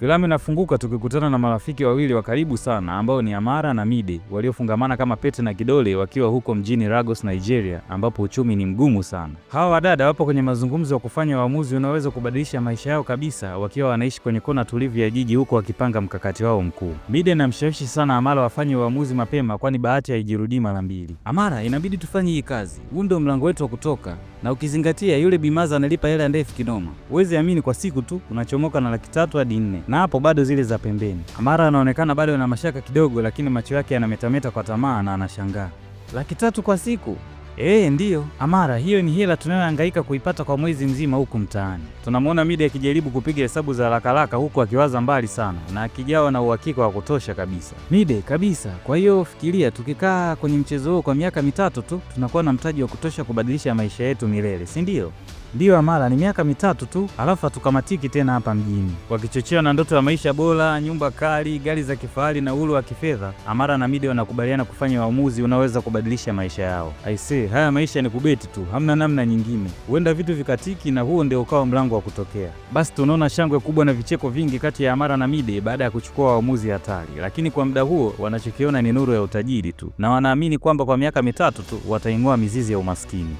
Filamu inafunguka tukikutana na marafiki wawili wa karibu sana ambao ni Amara na Mide waliofungamana kama pete na kidole wakiwa huko mjini Lagos, Nigeria ambapo uchumi ni mgumu sana. Hawa wadada wapo kwenye mazungumzo ya kufanya uamuzi unaoweza kubadilisha maisha yao kabisa wakiwa wanaishi kwenye kona tulivu ya jiji huko wakipanga mkakati wao mkuu. Mide namshawishi sana Amara wafanye uamuzi mapema kwani bahati haijirudii mara mbili. Amara, inabidi tufanye hii kazi. Huu ndio mlango wetu wa kutoka. Na ukizingatia yule bimaza analipa hela ndefu kinoma. Huwezi amini kwa siku tu unachomoka na laki tatu hadi nne na hapo bado zile za pembeni. Amara anaonekana bado ana mashaka kidogo, lakini macho yake yanametameta kwa tamaa na anashangaa. Laki tatu kwa siku? Ee, eh, ndiyo Amara, hiyo ni hela tunayohangaika kuipata kwa mwezi mzima huku mtaani. Tunamwona Midi akijaribu kupiga hesabu za rakaraka huku akiwaza mbali sana na akijawa na uhakika wa kutosha kabisa. Midi kabisa. Kwa hiyo fikiria, tukikaa kwenye mchezo huo kwa miaka mitatu tu tunakuwa na mtaji wa kutosha kubadilisha maisha yetu milele, si ndio? Ndiyo Amara, ni miaka mitatu tu, alafu hatukamatiki tena hapa mjini. Wakichochewa na ndoto ya maisha bora, nyumba kali, gari za kifahari na uhuru wa kifedha, Amara na Mide wanakubaliana kufanya uamuzi unaoweza kubadilisha maisha yao. Aisee, haya maisha ni kubeti tu, hamna namna nyingine. Huenda vitu vikatiki, na huo ndio ukawa mlango wa kutokea. Basi tunaona shangwe kubwa na vicheko vingi kati ya Amara na Mide baada ya kuchukua uamuzi hatari, lakini kwa muda huo wanachokiona ni nuru ya utajiri tu, na wanaamini kwamba kwa miaka mitatu tu wataing'oa mizizi ya umaskini.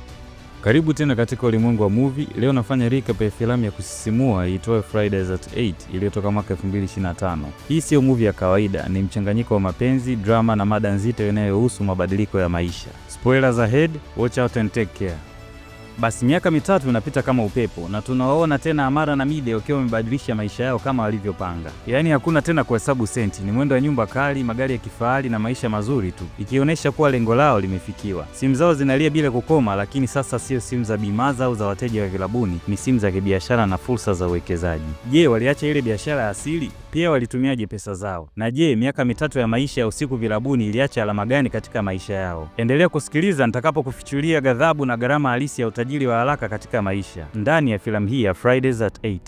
Karibu tena katika ulimwengu wa movie. Leo nafanya recap ya filamu ya kusisimua iitwayo Fridays at 8 iliyotoka mwaka 2025. Hii siyo movie ya kawaida, ni mchanganyiko wa mapenzi, drama na mada nzito inayohusu mabadiliko ya maisha. Spoilers ahead, watch out and take care. Basi miaka mitatu inapita kama upepo, na tunawaona tena Amara na Mide wakiwa wamebadilisha maisha yao kama walivyopanga. Yaani hakuna tena kuhesabu senti, ni mwendo wa nyumba kali, magari ya kifahari na maisha mazuri tu, ikionyesha kuwa lengo lao limefikiwa. Simu zao zinalia bila kukoma, lakini sasa sio simu za bimaza au za wateja wa vilabuni, ni simu za kibiashara na fursa za uwekezaji. Je, waliacha ile biashara ya asili? Pia walitumiaje pesa zao? Na je, miaka mitatu ya maisha ya usiku vilabuni iliacha alama gani katika maisha yao? Endelea kusikiliza nitakapokufichulia ghadhabu na gharama halisi ya utaji utajiri wa haraka katika maisha ndani ya filamu hii ya Fridays at 8.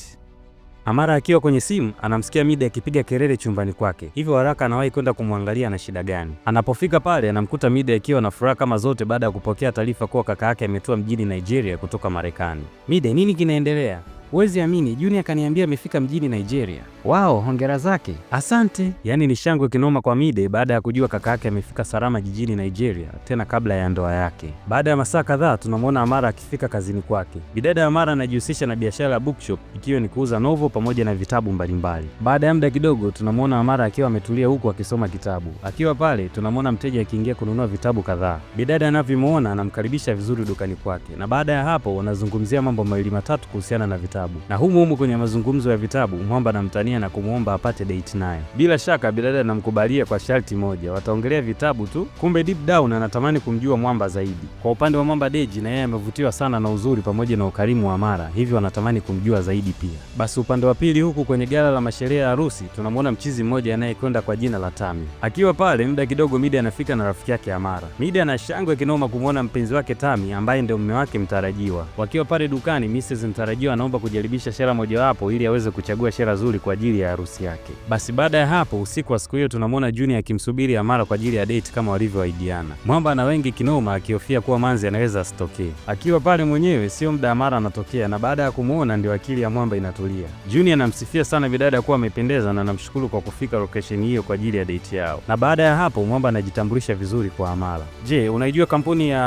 Amara akiwa kwenye simu anamsikia Mida akipiga kelele chumbani kwake, hivyo haraka anawahi kwenda kumwangalia na shida gani. Anapofika pale anamkuta Mida akiwa na furaha kama zote baada ya kupokea taarifa kuwa kaka yake ametua mjini Nigeria kutoka Marekani. Mida, nini kinaendelea? Huwezi amini, Juni akaniambia amefika mjini Nigeria. Wao, hongera zake. Asante. Yaani ni shangwe kinoma kwa Mide baada ya kujua kaka yake amefika salama jijini Nigeria, tena kabla ya ndoa yake. Baada ya masaa kadhaa, tunamwona Amara akifika kazini kwake. Bidada Amara anajihusisha na biashara ya bookshop, ikiwa ni kuuza novo pamoja na vitabu mbalimbali. Baada ya muda kidogo, tunamwona Amara akiwa ametulia huku akisoma kitabu. Akiwa pale, tunamwona mteja akiingia kununua vitabu kadhaa. Bidada anavyomwona, anamkaribisha vizuri dukani kwake, na baada ya hapo wanazungumzia mambo mawili matatu kuhusiana na vitabu vitabu, na humu humu kwenye mazungumzo ya vitabu Mwamba anamtania na kumwomba apate date naye Bila shaka Bidada anamkubalia kwa sharti moja, wataongelea vitabu tu. Kumbe deep down anatamani kumjua Mwamba zaidi. Kwa upande wa Mwamba, Deji na yeye amevutiwa sana na uzuri pamoja na ukarimu wa Mara, hivyo anatamani kumjua zaidi pia. Basi upande wa pili, huku kwenye gala la masherehe ya harusi, tunamwona mchizi mmoja anayekwenda kwa jina la Tami. Akiwa pale muda kidogo, Mida anafika na rafiki yake Amara. Mida ana shangwe kinoma kumwona mpenzi wake Tami ambaye ndio mume wake mtarajiwa. Wakiwa pale dukani, Mrs mtarajiwa anaomba kujaribisha shera mojawapo ili aweze kuchagua shera zuri kwa ajili ya harusi yake. Basi baada ya hapo, usiku wa siku hiyo tunamwona Juni akimsubiri Amara kwa ajili ya date kama walivyoahidiana. Mwamba na wengi kinoma, akihofia kuwa Manzi anaweza asitokee. Akiwa pale mwenyewe, sio muda Amara anatokea, na baada ya kumwona ndio akili ya Mwamba inatulia. Juni anamsifia sana bidada kuwa amependeza na anamshukuru kwa kufika location hiyo kwa ajili ya date yao, na baada ya hapo Mwamba anajitambulisha vizuri kwa Amara. Je, unaijua kampuni ya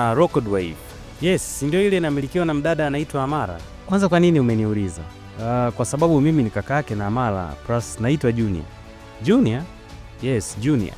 Wave? Yes, ndio ile inamilikiwa na mdada anaitwa Amara. Kwanza kwa nini umeniuliza? Uh, kwa sababu mimi ni kaka yake na Amara plus naitwa Junior. Junior? Yes, Junior.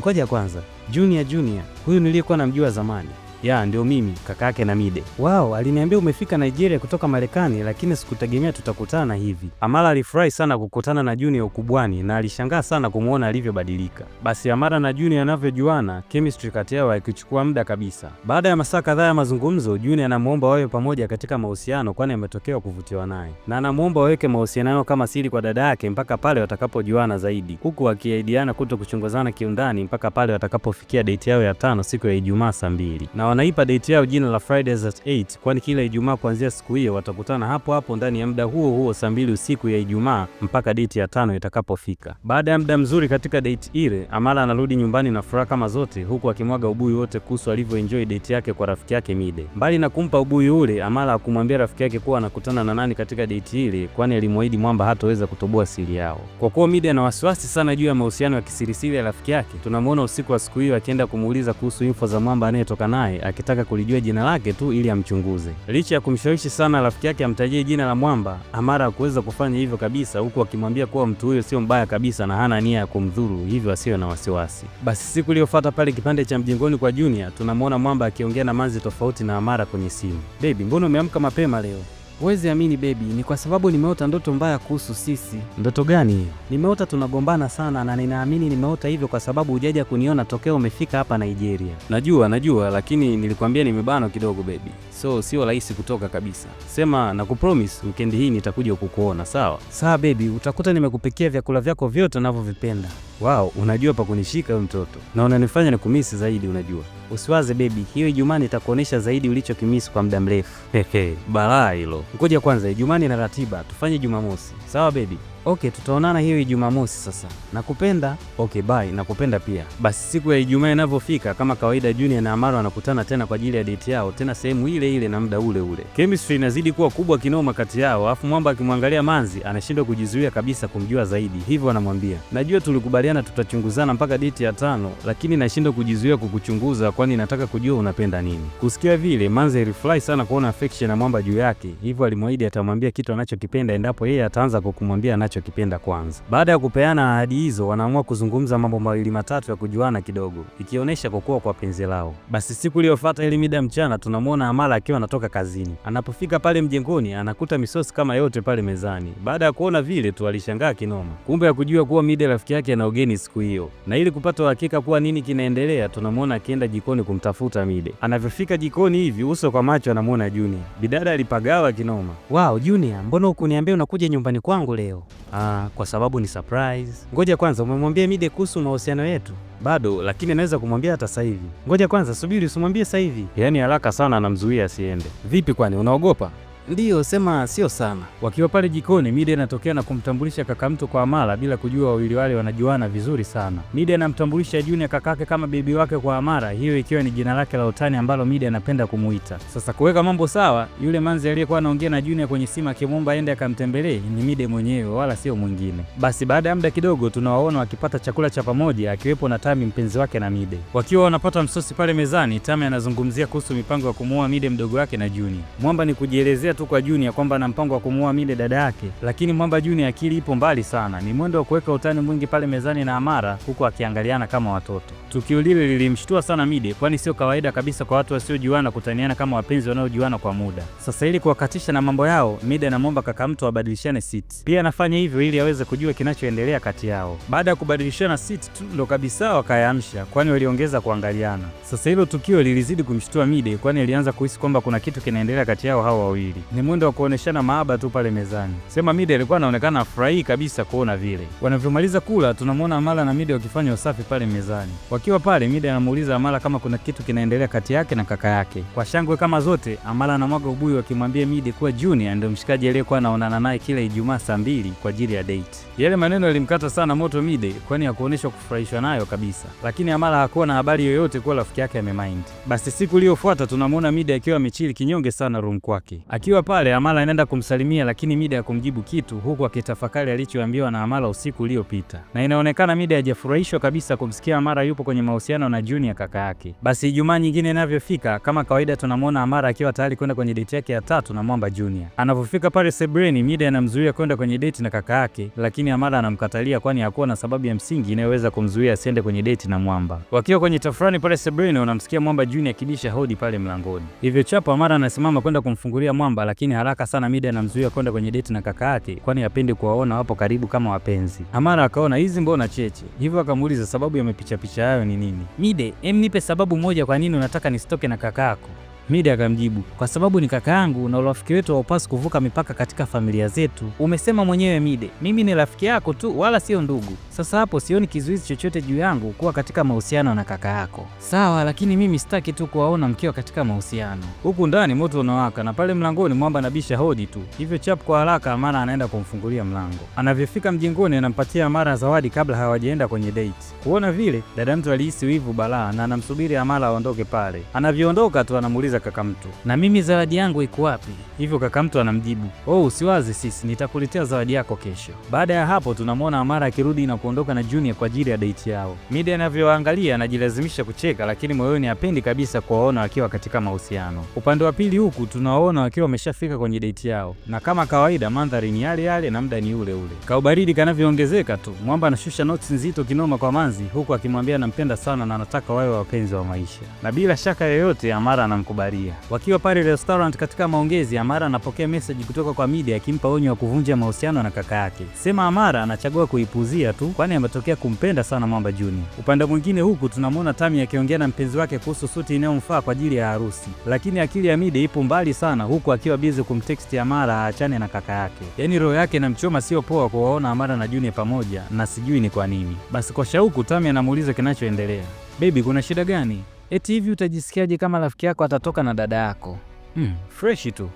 Ngoja kwanza. Junior Junior. Huyu niliyekuwa namjua zamani. Ya, ndio mimi kaka yake Namide. Wao aliniambia umefika Nigeria kutoka Marekani, lakini sikutegemea tutakutana hivi. Amara alifurahi sana kukutana na Junior ukubwani na alishangaa sana kumwona alivyobadilika. Basi Amara na Junior anavyojuana, chemistry kati yao haikichukua muda kabisa. Baada ya masaa kadhaa ya mazungumzo, Junior anamwomba wawe pamoja katika mahusiano, kwani ametokewa kuvutiwa naye na anamwomba waweke mahusiano yao kama siri kwa dada yake mpaka pale watakapojuana zaidi, huku akiaidiana kuto kuchunguzana kiundani mpaka pale watakapofikia date yao ya tano siku ya Ijumaa saa mbili na wanaipa date yao jina la Fridays at 8 kwani kila Ijumaa kuanzia siku hiyo watakutana hapo hapo ndani ya muda huo huo saa mbili usiku ya Ijumaa mpaka date ya tano itakapofika. Baada ya muda mzuri katika date ile, Amara anarudi nyumbani na furaha kama zote, huku akimwaga ubuyu wote kuhusu alivyoenjoy date yake kwa rafiki yake Mide. Mbali na kumpa ubuyu ule, Amara hakumwambia rafiki yake kuwa anakutana na nani katika date ile, kwani alimwahidi mwamba hataweza kutoboa siri yao. Kwa kuwa Mide ana wasiwasi sana juu ya mahusiano ya kisirisiri ya rafiki yake, tunamwona usiku wa siku hiyo akienda kumuuliza kuhusu info za mwamba anayetoka naye akitaka kulijua jina lake tu ili amchunguze. Licha ya kumshawishi sana rafiki yake amtajie jina la mwamba, Amara hakuweza kufanya hivyo kabisa, huku akimwambia kuwa mtu huyo sio mbaya kabisa na hana nia ya kumdhuru, hivyo asiwe na wasiwasi. Basi siku iliyofuata pale kipande cha mjengoni kwa Junior, tunamwona mwamba akiongea na manzi tofauti na Amara kwenye simu. Baby, mbona umeamka mapema leo? Wezi amini baby, ni kwa sababu nimeota ndoto mbaya kuhusu sisi. Ndoto gani Nimeota tunagombana sana, na ninaamini nimeota hivyo kwa sababu hujaja kuniona tokea umefika hapa Nigeria. Najua, najua, lakini nilikwambia nimebanwa kidogo baby, so sio rahisi kutoka kabisa. Sema na kupromise, wikendi hii nitakuja kukuona, sawa? Sawa baby, utakuta nimekupikia vyakula vyako vyote unavyovipenda. Wow, unajua pa kunishika mtoto na unanifanya nikumisi zaidi. Unajua, usiwaze bebi, hiyo Ijumaa nitakuonesha zaidi ulichokimisi kwa muda mrefu. Hehe, balaa hilo. Ngoja kwanza, Ijumaa na ratiba, tufanye Jumamosi. Sawa bebi? Okay, tutaonana hiyo Ijumamosi sasa. Nakupenda. Okay, bye. Nakupenda pia. Basi siku ya Ijumaa inavyofika, kama kawaida, Junior na Amara wanakutana tena kwa ajili ya date yao, tena sehemu ile ile na muda ule ule. Chemistry inazidi kuwa kubwa kinoma kati yao, afu Mwamba akimwangalia Manzi anashindwa kujizuia kabisa kumjua zaidi, hivyo anamwambia, najua tulikubaliana tutachunguzana mpaka date ya tano, lakini nashindwa kujizuia kukuchunguza, kwani nataka kujua unapenda nini. Kusikia vile, Manzi alifurahi sana kuona affection ya Mwamba juu yake, hivyo alimwahidi atamwambia kitu anachokipenda endapo yeye ataanza kukumwambia anacho anachokipenda kwanza. Baada ya kupeana ahadi hizo, wanaamua kuzungumza mambo mawili matatu ya kujuana kidogo, ikionyesha kukua kwa penzi lao. Basi siku iliyofuata ile mida mchana, tunamwona Amara akiwa anatoka kazini. Anapofika pale mjengoni, anakuta misosi kama yote pale mezani. Baada ya kuona vile tu alishangaa kinoma, kumbe kujua kuwa Mida rafiki yake ana ugeni siku hiyo. Na ili kupata uhakika kuwa nini kinaendelea, tunamwona akienda jikoni kumtafuta Mide. Anavyofika jikoni hivi, uso kwa macho anamwona Junior. Bidada alipagawa kinoma. Wow, Junior, mbona hukuniambia unakuja nyumbani kwangu leo? Ah, kwa sababu ni surprise. Ngoja kwanza umemwambia Mide kuhusu mahusiano yetu? Bado, lakini naweza kumwambia hata sasa hivi. Ngoja kwanza, subiri usimwambie sasa hivi. Yaani haraka sana anamzuia asiende. Vipi, kwani unaogopa? Ndiyo, sema sio sana. Wakiwa pale jikoni, Mide anatokea na kumtambulisha kaka mtu kwa Amara bila kujua wawili wale wanajuana vizuri sana. Mide anamtambulisha Junior kakake kama bebi wake kwa Amara, hiyo ikiwa ni jina lake la utani ambalo Mide anapenda kumuita. Sasa kuweka mambo sawa, yule manzi aliyekuwa anaongea na Junior kwenye simu akimwomba aende akamtembelee ni Mide mwenyewe wala sio mwingine. Basi baada ya muda kidogo tunawaona wakipata chakula cha pamoja akiwepo na Tami mpenzi wake na Mide. Wakiwa wanapata msosi pale mezani, Tami anazungumzia kuhusu mipango ya kumuoa Mide mdogo wake na Junior. Mwamba ni kujielezea anafikiria tu kwa Junior kwamba ana mpango wa kumuua Mile dada yake, lakini Mwamba Junior akili ipo mbali sana, ni mwendo wa kuweka utani mwingi pale mezani na Amara huku akiangaliana kama watoto. Tukio lile lilimshtua sana Mide, kwani sio kawaida kabisa kwa watu wasiojuana kutaniana kama wapenzi wanaojuana kwa muda. Sasa ili kuwakatisha na mambo yao, Mide anamwomba kaka mtu wabadilishane seat. pia anafanya hivyo ili aweze kujua kinachoendelea kati yao. Baada ya kubadilishana seat tu ndo kabisa wakayamsha kwani waliongeza kuangaliana. Sasa hilo tukio lilizidi kumshtua Mide, kwani alianza kuhisi kwamba kuna kitu kinaendelea kati yao hao wawili ni mwendo wa kuoneshana mahaba tu pale mezani. Sema Mida alikuwa anaonekana afurahii kabisa kuona vile. Wanavyomaliza kula, tunamwona Amala na Mida wakifanya usafi pale mezani. Wakiwa pale, Mida anamuuliza Amala kama kuna kitu kinaendelea kati yake na kaka yake. Kwa shangwe kama zote, Amala anamwaga ubuyu akimwambia Mida kuwa Junior ndio mshikaji aliyekuwa anaonana naye kila Ijumaa saa mbili kwa ajili ya date. Yale maneno yalimkata sana moto Mida, kwani hakuonyeshwa kufurahishwa nayo kabisa, lakini Amala hakuwa na habari yoyote kuwa rafiki yake amemind. Basi siku iliyofuata tunamwona Mida akiwa amechili kinyonge sana room kwake akiwa Akiwa pale Amala anaenda kumsalimia, lakini Mida ya kumjibu kitu, huku akitafakari alichoambiwa na Amala usiku uliopita, na inaonekana Mida hajafurahishwa kabisa kumsikia Amara yupo kwenye mahusiano na Junior kaka yake. Basi Ijumaa nyingine inavyofika, kama kawaida, tunamwona Amara akiwa tayari kwenda kwenye date yake ya tatu na Mwamba Junior. Anapofika pale sebreni, Mida anamzuia kwenda kwenye date na kaka yake, lakini Amara anamkatalia, kwani hakuwa na sababu ya msingi inayoweza kumzuia asiende kwenye date na Mwamba. Wakiwa kwenye tafurani pale sebreni, unamsikia Mwamba Junior akibisha hodi pale mlangoni, hivyo Chapo Amara anasimama kwenda kumfungulia Mwamba mchumba, lakini haraka sana Mida anamzuia kwenda kwenye date na kaka yake, kwani apende kuwaona wapo karibu kama wapenzi. Amara akaona hizi mbona cheche hivyo, akamuuliza sababu ya mapichapicha hayo ni nini. Mide, em nipe sababu moja kwa nini unataka nisitoke na kaka yako. Mida akamjibu, kwa sababu ni kaka yangu na urafiki wetu haupaswi kuvuka mipaka katika familia zetu. Umesema mwenyewe Mide, mimi ni rafiki yako tu, wala sio ndugu. Sasa hapo sioni kizuizi chochote juu yangu kuwa katika mahusiano na kaka yako. Sawa, lakini mimi sitaki tu kuwaona mkiwa katika mahusiano. Huku ndani moto unawaka na pale mlangoni mwamba anabisha hodi tu hivyo. Chap kwa haraka Amara anaenda kumfungulia mlango. Anavyofika mjengoni, anampatia mara zawadi kabla hawajaenda kwenye date. Kuona vile dada mtu alihisi wivu balaa na anamsubiri Amara aondoke pale. Anavyoondoka tu anamuuliza anamuuliza kaka mtu, na mimi zawadi yangu iko wapi? Hivyo kaka mtu anamjibu, oh, usiwazi sisi, nitakuletea zawadi yako kesho. Baada ya hapo tunamwona Amara akirudi na kuondoka na Junior kwa ajili ya date yao. Mida anavyoangalia anajilazimisha kucheka, lakini moyoni hapendi kabisa kuwaona wakiwa katika mahusiano. Upande wa pili huku tunawaona wakiwa wameshafika kwenye date yao, na kama kawaida mandhari ni yale yale na muda ni ule ule. Kaubaridi kanavyoongezeka tu, Mwamba anashusha notes nzito kinoma kwa Manzi, huku akimwambia anampenda sana na anataka wawe wapenzi wa maisha, na bila shaka yoyote Amara anamkubali. Mabaria. Wakiwa pale restaurant katika maongezi, Amara anapokea message kutoka kwa media akimpa onyo wa kuvunja mahusiano na kaka yake. Sema Amara anachagua kuipuzia tu, kwani ametokea kumpenda sana Mwamba Junior. Upande mwingine, huku tunamwona Tami akiongea na mpenzi wake kuhusu suti inayomfaa kwa ajili ya harusi, lakini akili ya Mide ipo mbali sana, huku akiwa bizi kumteksti Amara aachane na kaka yake. Yaani roho yake inamchoma, sio poa kuwaona Amara na Junior pamoja, na sijui ni kwa nini. Basi kwa shauku, Tami anamuuliza kinachoendelea. Baby, kuna shida gani? Eti hivi utajisikiaje kama rafiki yako atatoka na dada yako? Hmm, freshi tu.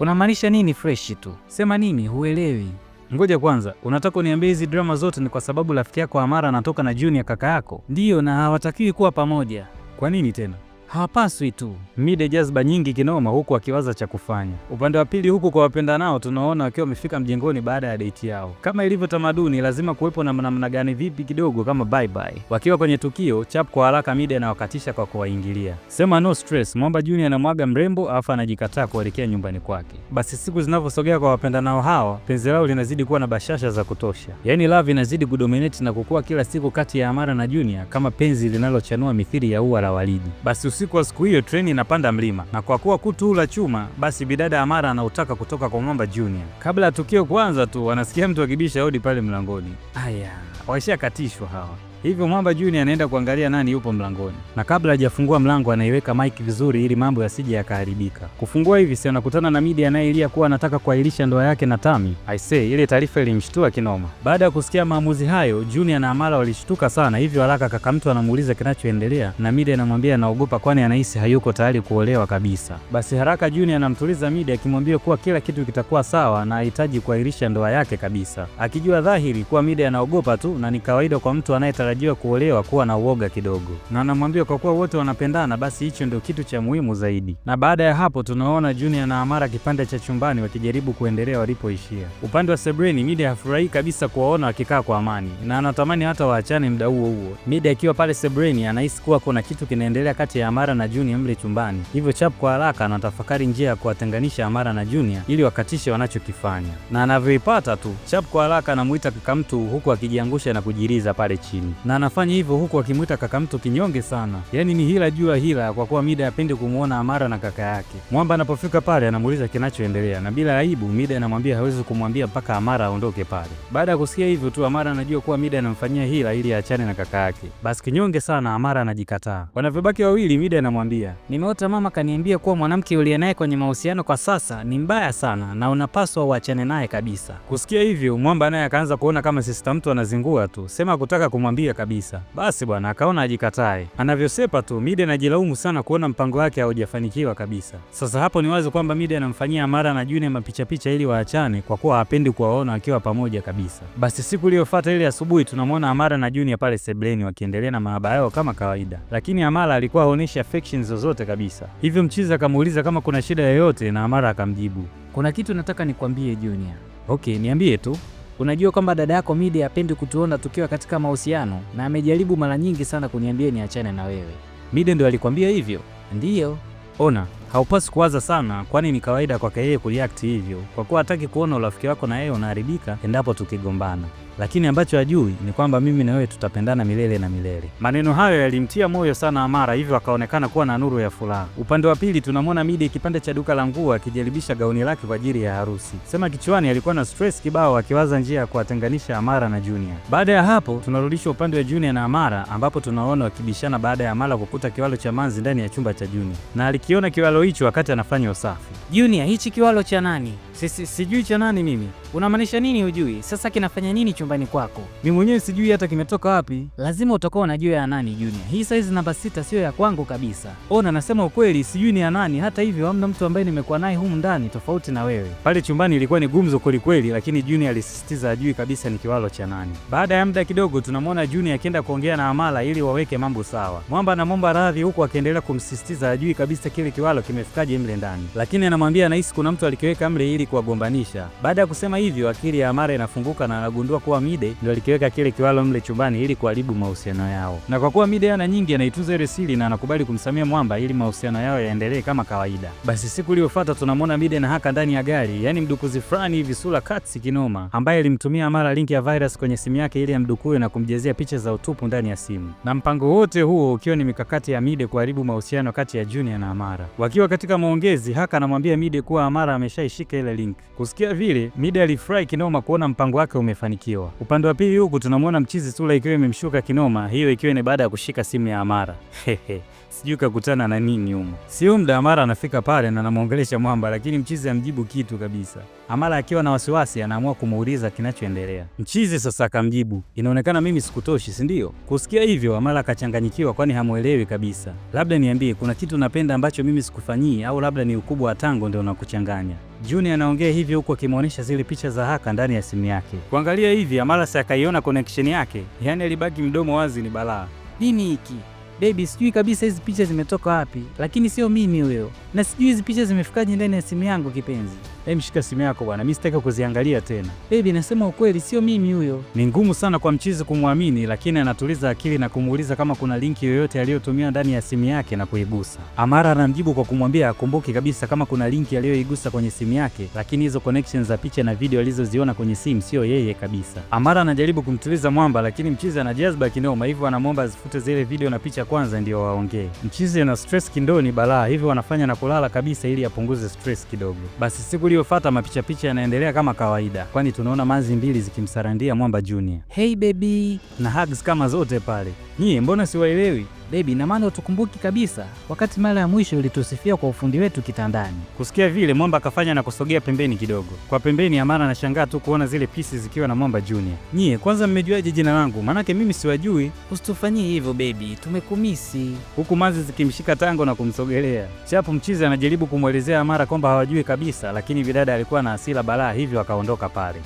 Unamaanisha nini freshi tu? Sema nini? Huelewi. Ngoja kwanza, unataka uniambie hizi drama zote ni kwa sababu rafiki yako Amara anatoka na Junior kaka yako? Ndiyo, na hawatakiwi kuwa pamoja. Kwa nini tena? hawapaswi tu mide jazba nyingi kinoma, huku akiwaza cha kufanya. Upande wa pili huku kwa wapendanao tunaona wakiwa wamefika mjengoni baada ya date yao. Kama ilivyo tamaduni, lazima kuwepo na namna gani vipi kidogo kama bye bye. Wakiwa kwenye tukio chap, kwa haraka mide anawakatisha kwa kuwaingilia, sema no stress. Mwamba Junior anamwaga mrembo afa anajikataa kuelekea nyumbani kwake. Basi siku zinavyosogea kwa wapendanao hawa, penzi lao linazidi kuwa na bashasha za kutosha, yaani love inazidi kudominate na kukua kila siku kati ya Amara na Junior kama penzi linalochanua mithili ya ua la waridi. Basi usiku wa siku hiyo treni inapanda mlima, na kwa kuwa kutu hula chuma, basi bidada Amara anautaka kutoka kwa Mwamba Junior. Kabla ya tukio kuanza tu, wanasikia mtu akibisha hodi pale mlangoni. Aya, washakatishwa hawa. Hivyo Mwamba Junior anaenda kuangalia nani yupo mlangoni, na kabla hajafungua mlango anaiweka mike vizuri ili mambo yasije yakaharibika. Kufungua hivi si anakutana na Midi anayelia kuwa anataka kuahirisha ndoa yake na Tami. I say, ile taarifa ilimshtua kinoma. Baada ya kusikia maamuzi hayo, Junior na Amara walishtuka sana, hivyo haraka kaka mtu anamuuliza kinachoendelea na Midi anamwambia anaogopa, kwani anahisi hayuko tayari kuolewa kabisa. Basi haraka Junior anamtuliza Midi akimwambia kuwa kila kitu kitakuwa sawa na ahitaji kuahirisha ndoa yake kabisa, akijua dhahiri kuwa Midi anaogopa tu na ni kawaida kwa mtu anaye anatarajiwa kuolewa kuwa na uoga kidogo, na anamwambia kwa kuwa wote wanapendana, basi hicho ndio kitu cha muhimu zaidi. Na baada ya hapo tunaona Junior na Amara kipande cha chumbani wakijaribu kuendelea walipoishia. Upande wa Sebreni, Mida hafurahii kabisa kuwaona wakikaa kwa amani na anatamani hata waachane muda huo huo. Mida akiwa pale Sebreni anahisi kuwa kuna kitu kinaendelea kati ya Amara na Junior mle chumbani, hivyo Chap kwa haraka anatafakari njia ya kuwatenganisha Amara na Junior ili wakatishe wanachokifanya, na anavyoipata tu Chap kwa haraka anamuita kaka mtu, huku akijiangusha na kujiriza pale chini na anafanya hivyo huku akimwita kaka mtu kinyonge sana, yaani ni hila juu ya hila, kwa kuwa Mida hapendi kumwona Amara na kaka yake. Mwamba anapofika pale anamuuliza kinachoendelea, na bila aibu Mida anamwambia hawezi kumwambia mpaka Amara aondoke pale. Baada ya kusikia hivyo tu, Amara anajua kuwa Mida anamfanyia hila ili aachane na kaka yake. Basi kinyonge sana, Amara anajikataa. Wanavyobaki wawili, Mida anamwambia nimeota mama kaniambia kuwa mwanamke uliye naye kwenye mahusiano kwa sasa ni mbaya sana na unapaswa uachane naye kabisa. Kusikia hivyo, Mwamba naye akaanza kuona kama sista mtu anazingua tu, sema kutaka kumwambia kabisa. Basi bwana akaona ajikatae. Anavyosepa tu, Mide anajilaumu sana kuona mpango wake haujafanikiwa kabisa. Sasa hapo ni wazi kwamba Mide anamfanyia Amara na June mapichapicha ili waachane, kwa kuwa hapendi kuwaona wakiwa pamoja kabisa. Basi siku iliyofuata ile asubuhi, tunamwona Amara na June pale sebleni wakiendelea na mahaba yao kama kawaida, lakini Amara alikuwa haonyeshi affection zozote kabisa. Hivyo mchizi akamuuliza kama kuna shida yoyote, na Amara akamjibu, kuna kitu nataka nikwambie Junior. Okay, niambie tu. Unajua kwamba dada yako Mide hapendi kutuona tukiwa katika mahusiano na amejaribu mara nyingi sana kuniambia niachane na wewe. Mide ndo alikwambia hivyo? Ndiyo. Ona, haupasi kuwaza sana, kwani ni kawaida kwake yeye kureact hivyo, kwa kuwa hataki kuona urafiki wako na yeye unaharibika endapo tukigombana lakini ambacho hajui ni kwamba mimi na wewe tutapendana milele na milele. Maneno hayo yalimtia moyo sana Amara, hivyo akaonekana kuwa na nuru ya furaha. Upande wa pili tunamwona midi kipande cha duka la nguo akijaribisha gauni lake kwa ajili ya harusi. Sema kichwani alikuwa na stress kibao, akiwaza njia ya kuwatenganisha Amara na Junior. Baada ya hapo tunarudishwa upande wa Junior na Amara, ambapo tunaona wakibishana baada ya Amara kukuta kiwalo cha manzi ndani ya chumba cha Junior, na alikiona kiwalo hicho wakati anafanya usafi. Junior, hichi kiwalo cha nani? Sisi sijui cha nani mimi. Unamaanisha nini hujui? Sasa kinafanya nini chumbani kwako? Mimi mwenyewe sijui hata kimetoka wapi. Lazima utakuwa unajua ya nani Junior. Hii size namba sita sio ya kwangu kabisa. Ona, nasema ukweli, sijui ni ya nani. Hata hivyo hamna mtu ambaye nimekuwa naye humu ndani tofauti na wewe. Pale chumbani ilikuwa ni gumzo kweli kweli, lakini Junior alisisitiza ajui kabisa ni kiwalo cha nani. Baada ya muda kidogo, tunamwona Junior akienda kuongea na Amala ili waweke mambo sawa. Mwamba anamwomba radhi huku akiendelea kumsisitiza ajui kabisa kile kiwalo kimefikaje mle ndani, lakini anamwambia anahisi kuna mtu alikiweka mle ili kuwagombanisha. Baada ya kusema hivyo, akili ya Amara inafunguka na anagundua kuwa Mide ndio alikiweka kile kiwalo mle chumbani ili kuharibu mahusiano yao, na kwa kuwa Mide ana nyingi, anaituza ile siri na anakubali kumsamia Mwamba ili mahusiano yao yaendelee kama kawaida. Basi siku iliyofuata tunamwona Mide na Haka ndani ya gari, yaani mdukuzi fulani hivi, sura katsi kinoma, ambaye alimtumia Amara link ya virus kwenye simu yake ili amdukue na kumjezea picha za utupu ndani ya simu, na mpango wote huo ukiwa ni mikakati ya Mide kuharibu mahusiano kati ya Junior na Amara. Wakiwa katika maongezi, Haka anamwambia Mide kuwa Amara ameshaishika ile Link. Kusikia vile, Mida alifurahi kinoma kuona mpango wake umefanikiwa. Upande wa pili huku tunamwona mchizi sura ikiwa imemshuka kinoma, hiyo ikiwa ni baada ya kushika simu ya Amara. Hehe. Sijui kakutana na nini humo. Sio mda Amara anafika pale na anamwongelesha Mwamba, lakini mchizi amjibu kitu kabisa. Amara akiwa na wasiwasi anaamua kumuuliza kinachoendelea. Mchizi sasa akamjibu, inaonekana mimi sikutoshi, si ndio? Kusikia hivyo Amara akachanganyikiwa, kwani hamuelewi kabisa. Labda niambie, kuna kitu napenda ambacho mimi sikufanyii, au labda ni ukubwa wa tango ndio unakuchanganya? Juni anaongea hivyo huku akimwonyesha zile picha za Haka ndani ya simu yake. Kuangalia hivi Amarasi akaiona connection yake, yaani alibaki mdomo wazi. Ni balaa. Nini hiki? Baby, sijui kabisa hizi picha zimetoka wapi, lakini sio mimi huyo na sijui hizi picha zimefikaje ndani ya simu yangu. Kipenzi, hebu mshika simu yako bwana, mimi sitaki kuziangalia tena. Baby, nasema ukweli, sio mimi huyo. Ni ngumu sana kwa mchizi kumwamini, lakini anatuliza akili na kumuuliza kama kuna linki yoyote aliyotumia ndani ya simu yake na kuigusa. Amara anamjibu kwa kumwambia akumbuki kabisa kama kuna linki aliyoigusa kwenye simu yake, lakini hizo connections za picha na video alizoziona kwenye simu sio yeye kabisa. Amara anajaribu kumtuliza mwamba, lakini mchizi ana jazba kinoma, hivyo anamwomba azifute zile video na picha kwanza ndio waongee. Mchizi ana stress kindoni balaa, hivyo wanafanya na kulala kabisa ili apunguze stress kidogo. Basi siku iliyofuata mapichapicha yanaendelea kama kawaida, kwani tunaona manzi mbili zikimsarandia Mwamba Junior. Hey baby na hugs kama zote pale. Nyie mbona siwaelewi? bebi, ina maana utukumbuki kabisa, wakati mara ya mwisho ulitusifia kwa ufundi wetu kitandani. Kusikia vile Mwamba akafanya na kusogea pembeni kidogo. Kwa pembeni, Amara anashangaa tu kuona zile pisi zikiwa na Mwamba Junior. Nyie kwanza mmejuaje jina langu? Maanake mimi siwajui. Usitufanyie hivyo bebi tumekumisi. Huku Manzi zikimshika tango na kumsogelea. Chapu mchizi anajaribu kumwelezea Amara kwamba hawajui kabisa, lakini bidada alikuwa na hasira balaa, hivyo akaondoka pale.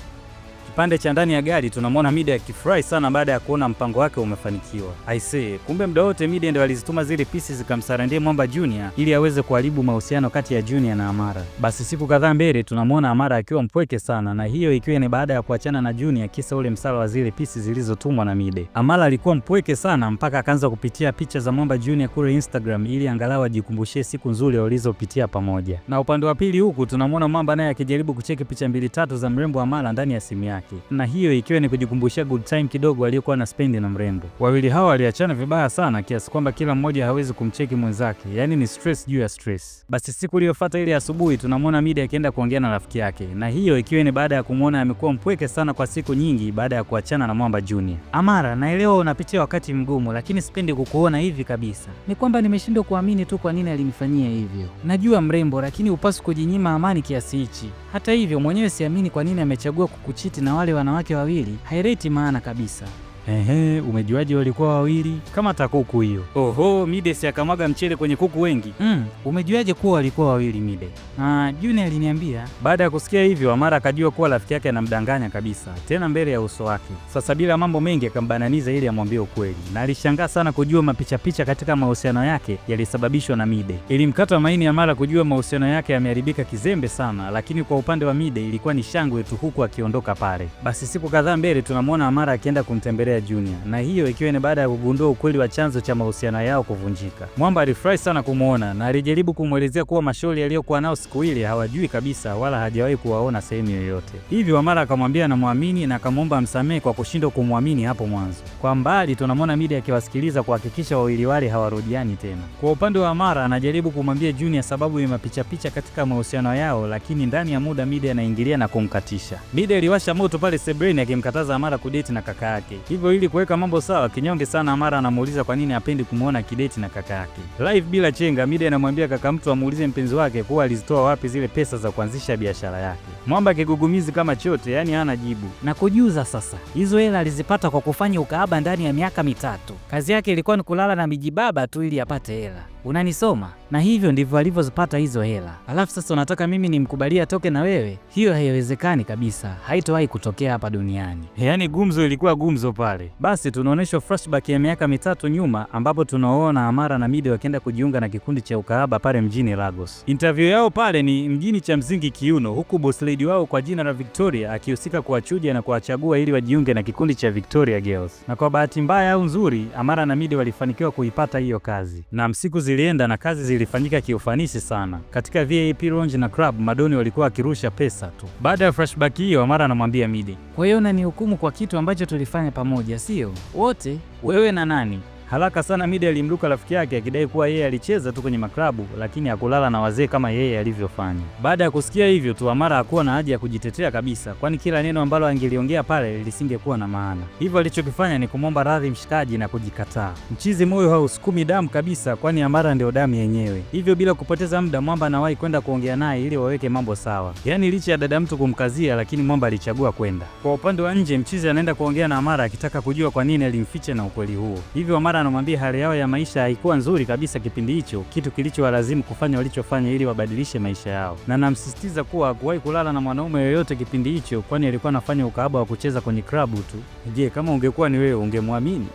Kipande cha ndani ya gari tunamwona mide akifurahi sana baada ya kuona mpango wake umefanikiwa. Aisee, kumbe muda wote mide ndio alizituma zile pisi zikamsarandie Mwamba Junior ili aweze kuharibu mahusiano kati ya Junior na Amara. Basi siku kadhaa mbele tunamwona Amara akiwa mpweke sana, na hiyo ikiwa ni baada ya kuachana na Junior kisa ule msala wa zile pisi zilizotumwa na Mide. Amara alikuwa mpweke sana mpaka akaanza kupitia picha za Mwamba Junior kule Instagram ili angalau ajikumbushie siku nzuri walizopitia pamoja. Na upande wa pili huku tunamwona Mwamba naye akijaribu kucheki picha mbili tatu za mrembo Amara ndani ya simu yake tatu, na hiyo ikiwa ni kujikumbushia good time kidogo aliyokuwa na spend na mrembo. Wawili hawa waliachana vibaya sana kiasi kwamba kila mmoja hawezi kumcheki mwenzake, yaani ni stress juu ya stress. Basi siku iliyofuata ile asubuhi, tunamwona Midi akienda kuongea na rafiki yake, na hiyo ikiwa ni baada ya kumwona amekuwa mpweke sana kwa siku nyingi baada ya kuachana na Mwamba Junior. Amara, naelewa unapitia wakati mgumu, lakini sipendi kukuona hivi kabisa. Ni kwamba nimeshindwa kuamini tu kwa nini alinifanyia hivyo. Najua mrembo, lakini upasu kujinyima amani kiasi hichi. Hata hivyo mwenyewe siamini kwa nini amechagua kukuchiti na wale wanawake wawili haileti maana kabisa. Ehe, umejuaje walikuwa wawili? Kama takuku hiyo. Oho, Mide si akamwaga mchele kwenye kuku wengi. Mm, umejuaje kuwa walikuwa wawili Mide? Ah, June aliniambia. Baada ya kusikia hivyo, Amara akajua kuwa rafiki yake anamdanganya kabisa, tena mbele ya uso wake. Sasa bila mambo mengi akambananiza ili amwambie ukweli, na alishangaa sana kujua mapichapicha katika mahusiano yake yalisababishwa na Mide. Ilimkata maini Amara kujua mahusiano yake yameharibika kizembe sana, lakini kwa upande wa Mide ilikuwa ni shangwe tu, huku akiondoka pale. Basi siku kadhaa mbele tunamwona Amara akienda kumtembelea ya Junior, na hiyo ikiwa ni baada ya kugundua ukweli wa chanzo cha mahusiano yao kuvunjika. Mwamba alifurahi sana kumwona na alijaribu kumwelezea kuwa mashauri yaliyokuwa nao siku ile hawajui kabisa wala hajawahi kuwaona sehemu yoyote. Hivyo Amara akamwambia anamwamini na akamwomba amsamehe kwa kushindwa kumwamini hapo mwanzo. Kwa mbali tunamwona Midi akiwasikiliza kuhakikisha wawili wale hawarudiani tena. Kwa upande wa Amara anajaribu kumwambia Junior sababu ya mapichapicha katika mahusiano yao, lakini ndani ya muda Midi anaingilia na kumkatisha. Midi aliwasha moto pale Sebreni akimkataza Amara kudeti na kaka yake hivyo hivyo ili kuweka mambo sawa, kinyonge sana Amara anamuuliza kwa nini hapendi kumuona kideti na kaka yake. Live bila chenga, Mida inamwambia kaka mtu amuulize mpenzi wake kuwa alizitoa wapi zile pesa za kuanzisha biashara yake. Mwamba kigugumizi kama chote, yani hana jibu. Na kujuza sasa, hizo hela alizipata kwa kufanya ukahaba ndani ya miaka mitatu. Kazi yake ilikuwa ni kulala na mijibaba tu ili apate hela unanisoma, na hivyo ndivyo alivyozipata hizo hela. Alafu sasa unataka mimi nimkubalia atoke na wewe? Hiyo haiwezekani kabisa, haitowahi kutokea hapa duniani. Yaani gumzo ilikuwa gumzo pale. Basi tunaonyeshwa flashback ya miaka mitatu nyuma, ambapo tunaona Amara na Mide wakienda kujiunga na kikundi cha ukahaba pale mjini Lagos. Interview yao pale ni mjini cha mzingi kiuno, huku boss lady wao kwa jina la Victoria akihusika kuwachuja na kuwachagua ili wajiunge na kikundi cha Victoria Girls, na kwa bahati mbaya au nzuri, Amara na Mide walifanikiwa kuipata hiyo kazi na msiku zili zilienda na kazi zilifanyika kiufanisi sana. Katika VIP lounge na club, Madoni walikuwa wakirusha pesa tu. Baada ya flashback hiyo, Amara anamwambia Midi, kwa hiyo unanihukumu kwa kitu ambacho tulifanya pamoja, sio wote, wewe na nani? Haraka sana Mida alimruka rafiki yake akidai kuwa yeye alicheza tu kwenye maklabu lakini hakulala na wazee kama yeye alivyofanya. Baada ya kusikia hivyo tu, Amara hakuwa na haja ya kujitetea kabisa, kwani kila neno ambalo angeliongea pale lisingekuwa na maana. Hivyo alichokifanya ni kumwomba radhi mshikaji na kujikataa. Mchizi moyo hausukumi damu kabisa, kwani Amara ndio damu yenyewe. Hivyo bila kupoteza muda, Mwamba anawahi kwenda kuongea naye ili waweke mambo sawa. Yaani licha ya dada mtu kumkazia, lakini Mwamba alichagua kwenda. Kwa upande wa nje, mchizi anaenda kuongea na Amara akitaka kujua kwa nini alimficha na ukweli huo. Hivyo Amara mara anamwambia hali yao ya maisha haikuwa nzuri kabisa kipindi hicho, kitu kilichowalazimu kufanya walichofanya ili wabadilishe maisha yao, na namsisitiza kuwa hakuwahi kulala na mwanaume yoyote kipindi hicho, kwani alikuwa anafanya ukahaba wa kucheza kwenye klabu tu. Je, kama ungekuwa ni wewe ungemwamini?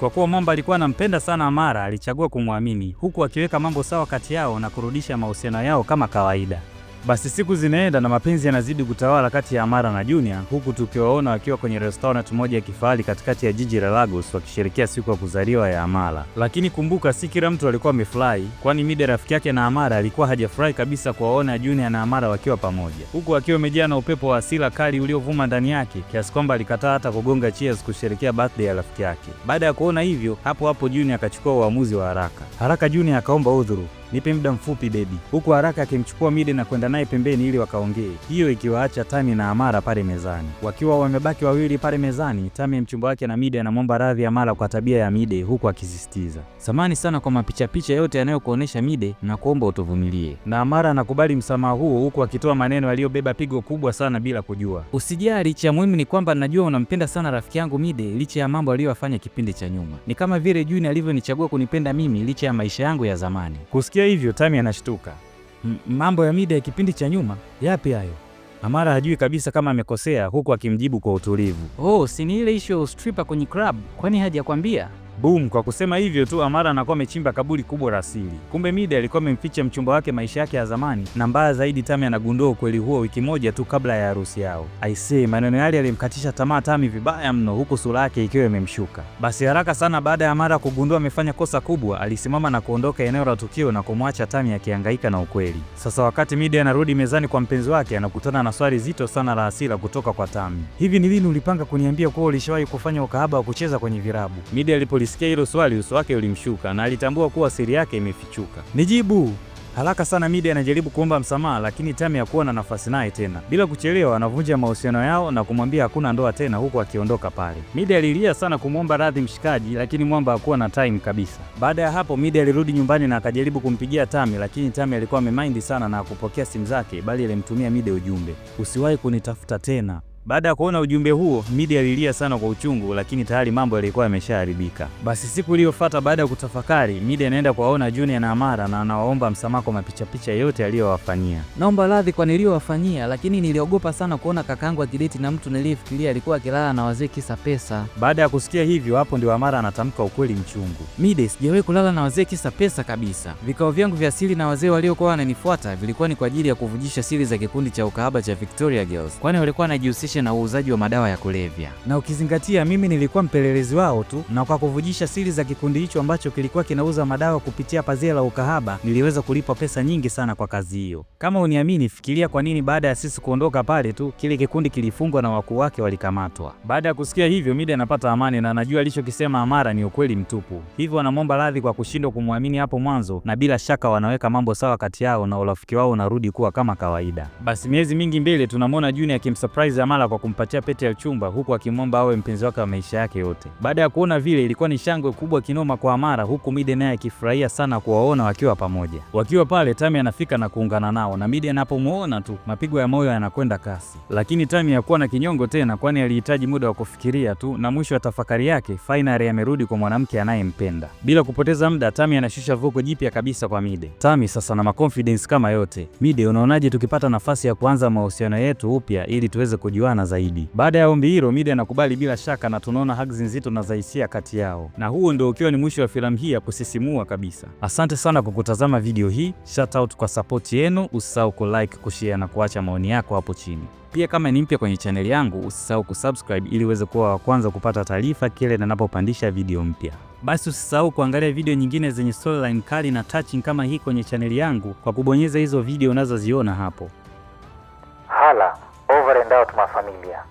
Kwa kuwa Mamba alikuwa anampenda sana Amara, alichagua kumwamini huku akiweka mambo sawa kati yao na kurudisha mahusiano yao kama kawaida. Basi siku zinaenda na mapenzi yanazidi kutawala kati ya Amara na Junior, huku tukiwaona wakiwa kwenye restaurant moja ya kifahari katikati ya jiji la Lagos wakisherekea siku ya kuzaliwa ya Amara. Lakini kumbuka, si kila mtu alikuwa amefurahi, kwani Mida rafiki yake na Amara alikuwa hajafurahi kabisa kuwaona Junior na Amara wakiwa pamoja, huku akiwa amejaa na upepo wa asila kali uliovuma ndani yake kiasi kwamba alikataa hata kugonga cheers kusherekea birthday ya rafiki yake. Baada ya kuona hivyo, hapo hapo Junior akachukua uamuzi wa haraka haraka. Junior akaomba udhuru nipe muda mfupi bebi, huku haraka akimchukua Mide na kwenda naye pembeni ili wakaongee, hiyo ikiwaacha Tami na Amara pale mezani. Wakiwa wamebaki wawili pale mezani, Tami mchumba wake na Mide anamwomba radhi Amara kwa tabia ya Mide, huku akisisitiza samani sana kwa mapichapicha yote yanayokuonesha Mide na kuomba utuvumilie, na Amara anakubali msamaha huo, huku akitoa maneno aliyobeba pigo kubwa sana bila kujua. Usijali, cha muhimu ni kwamba najua unampenda sana rafiki yangu Mide licha ya mambo aliyoyafanya kipindi cha nyuma, ni kama vile Juni alivyonichagua kunipenda mimi licha ya maisha yangu ya zamani. Kusikia Akisikia hivyo, Tami anashtuka. Mambo ya mida ya kipindi cha nyuma, yapi hayo? Amara hajui kabisa kama amekosea, huku akimjibu kwa utulivu, oh, si ni ile ishu stripper kwenye club, kwani hajakwambia? Boom, kwa kusema hivyo tu Amara anakuwa amechimba kaburi kubwa la siri. Kumbe Mida alikuwa amemficha mchumba wake maisha yake ya zamani, na mbaya zaidi Tami anagundua ukweli huo wiki moja tu kabla ya harusi yao. Aisee, maneno yale yalimkatisha tamaa Tami vibaya mno, huku sura yake ikiwa imemshuka. Basi haraka sana baada ya Amara kugundua amefanya kosa kubwa, alisimama na kuondoka eneo la tukio na kumwacha Tami akihangaika na ukweli. Sasa wakati Mida anarudi mezani kwa mpenzi wake, anakutana na swali zito sana la hasira kutoka kwa Tami. Hivi ni lini ulipanga kuniambia kuwa ulishawahi kufanya ukahaba wa kucheza kwenye virabu? Mida alipo Aliposikia hilo swali, uso wake ulimshuka na alitambua kuwa siri yake imefichuka. Nijibu! Haraka sana Midi anajaribu kuomba msamaha, lakini Tami hakuwa na nafasi naye tena. Bila kuchelewa, anavunja mahusiano yao na kumwambia hakuna ndoa tena, huku akiondoka pale. Midi alilia sana kumwomba radhi mshikaji, lakini mwamba hakuwa na time kabisa. Baada ya hapo, Midi alirudi nyumbani na akajaribu kumpigia Tami, lakini Tami alikuwa amemaindi sana na kupokea simu zake, bali alimtumia Midi ujumbe, usiwahi kunitafuta tena. Baada ya kuona ujumbe huo, Midi alilia sana kwa uchungu, lakini tayari mambo yalikuwa yameshaharibika. Basi siku iliyofuata, baada ya kutafakari, Midi anaenda kuwaona Junior na Amara na anawaomba msamaha kwa mapichapicha yote aliyowafanyia. Naomba radhi kwa niliyowafanyia, lakini niliogopa sana kuona kakaangu akideti na mtu niliyefikiria alikuwa akilala na wazee kisa pesa. Baada ya kusikia hivyo, hapo ndio Amara anatamka ukweli mchungu. Midi, sijawahi kulala na wazee kisa pesa kabisa. Vikao vyangu vya siri na wazee waliokuwa wananifuata vilikuwa ni kwa ajili ya kuvujisha siri za kikundi cha ukahaba cha Victoria Girls, kwani walikuwa wanajihusisha kujihusisha na uuzaji wa madawa ya kulevya, na ukizingatia mimi nilikuwa mpelelezi wao tu, na kwa kuvujisha siri za kikundi hicho ambacho kilikuwa kinauza madawa kupitia pazia la ukahaba, niliweza kulipwa pesa nyingi sana kwa kazi hiyo. Kama uniamini, fikiria kwa nini baada ya sisi kuondoka pale tu kile kikundi kilifungwa na wakuu wake walikamatwa. Baada ya kusikia hivyo, Mida anapata amani na anajua alichokisema Amara ni ukweli mtupu, hivyo anamwomba radhi kwa kushindwa kumwamini hapo mwanzo, na bila shaka wanaweka mambo sawa kati yao na urafiki wao unarudi kuwa kama kawaida. Basi miezi mingi mbele tunamwona Juni akimsurprise Amara Manara kwa kumpatia pete ya uchumba huku akimwomba awe mpenzi wake wa maisha yake yote. Baada ya kuona vile, ilikuwa ni shangwe kubwa kinoma kwa Amara, huku Mide naye akifurahia sana kuwaona wakiwa pamoja. Wakiwa pale, Tami anafika na kuungana nao, na Mide anapomuona tu mapigo ya moyo yanakwenda kasi, lakini Tami hakuwa na kinyongo tena, kwani alihitaji muda wa kufikiria tu, na mwisho wa tafakari yake finally amerudi kwa mwanamke anayempenda. Bila kupoteza muda, Tami anashusha vuko jipya kabisa kwa Mide. Tami sasa na maconfidence kama yote. Mide, unaonaje tukipata nafasi ya kuanza mahusiano yetu upya ili tuweze kujuana sana zaidi. Baada ya ombi hilo, Mide anakubali bila shaka na tunaona hugs nzito na za hisia kati yao, na huo ndio ukiwa ni mwisho wa filamu hii ya kusisimua kabisa. Asante sana kwa kutazama video hii, shout out kwa support yenu. Usisahau kulike, kushare na kuacha maoni yako hapo chini. Pia kama ni mpya kwenye chaneli yangu, usisahau kusubscribe ili uweze kuwa wa kwanza kupata taarifa kile ninapopandisha video mpya. Basi usisahau kuangalia video nyingine zenye storyline kali na touching kama hii kwenye chaneli yangu kwa kubonyeza hizo video unazoziona hapo. Hala Over and out, mafamilia.